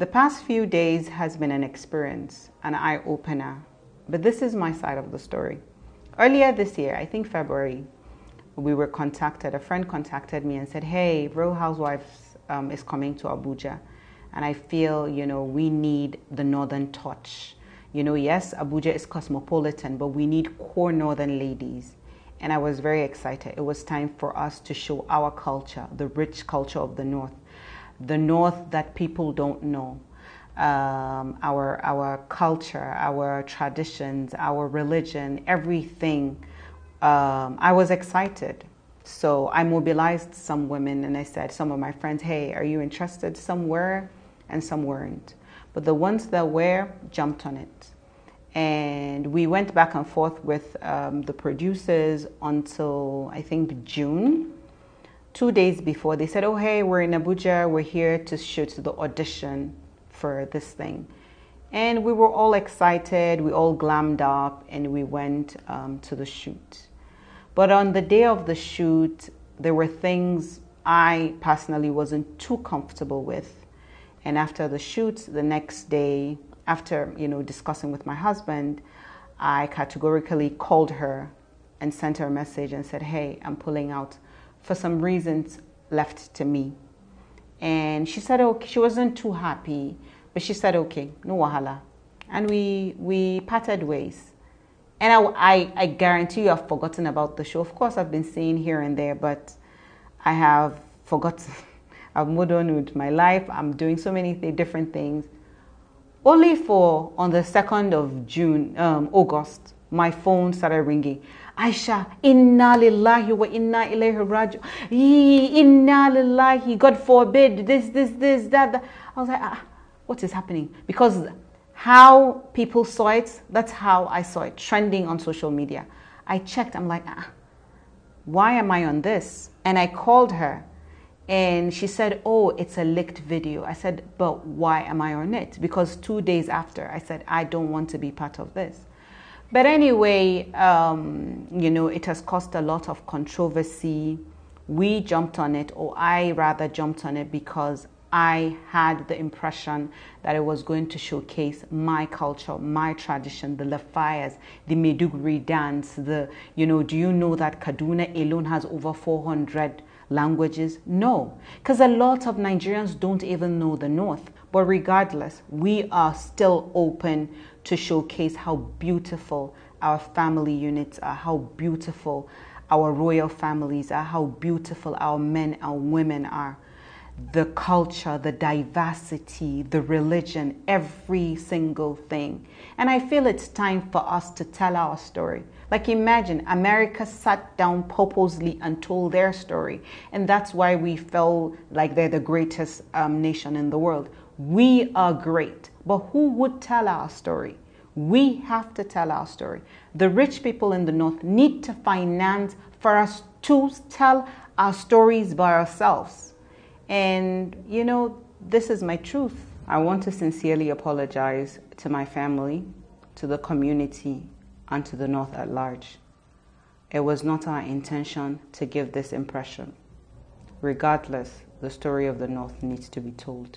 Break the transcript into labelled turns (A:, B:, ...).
A: The past few days has been an experience, an eye opener, but this is my side of the story. Earlier this year, I think February, we were contacted, a friend contacted me and said, Hey, Real Housewives um, is coming to Abuja, and I feel, you know, we need the northern touch. You know, yes, Abuja is cosmopolitan, but we need core northern ladies and I was very excited. It was time for us to show our culture, the rich culture of the North the North that people don't know. Um, our our culture, our traditions, our religion, everything. Um, I was excited, so I mobilized some women and I said, some of my friends, "Hey, are you interested?" Some were, and some weren't, but the ones that were jumped on it, and we went back and forth with um, the producers until I think June two days before, they said, Oh, hey, we're in Abuja, we're here to shoot the audition for this thing. And we were all excited, we all glammed up, and we went um, to the shoot. But on the day of the shoot, there were things I personally wasn't too comfortable with. And after the shoot, the next day, after you know discussing with my husband, I categorically called her and sent her a message and said, "Hey, I'm pulling out for some reasons left to me. And she said, okay, she wasn't too happy, but she said, okay, no wahala. And we, we parted ways. And I, I, I guarantee you I've forgotten about the show. Of course, I've been seeing here and there, but I have forgotten. I've moved on with my life. I'm doing so many th- different things. Only for on the 2nd of June, um, August, my phone started ringing. Aisha, inna lillahi wa inna ilayhi rajiun. Inna lillahi, God forbid, this, this, this, that, that. I was like, ah, what is happening? Because how people saw it, that's how I saw it, trending on social media. I checked, I'm like, ah, why am I on this? And I called her and she said, oh, it's a leaked video. I said, but why am I on it? Because two days after, I said, I don't want to be part of this. But anyway, um, you know, it has caused a lot of controversy. We jumped on it, or I rather jumped on it because I had the impression that it was going to showcase my culture, my tradition, the Lafayas, the Medugri dance, the, you know, do you know that Kaduna alone has over 400 languages? No, because a lot of Nigerians don't even know the North. But regardless, we are still open to showcase how beautiful our family units are, how beautiful our royal families are, how beautiful our men and women are the culture, the diversity, the religion, every single thing. And I feel it's time for us to tell our story. Like, imagine America sat down purposely and told their story. And that's why we felt like they're the greatest um, nation in the world. We are great, but who would tell our story? We have to tell our story. The rich people in the North need to finance for us to tell our stories by ourselves. And, you know, this is my truth. I want to sincerely apologize to my family, to the community, and to the North at large. It was not our intention to give this impression. Regardless, the story of the North needs to be told.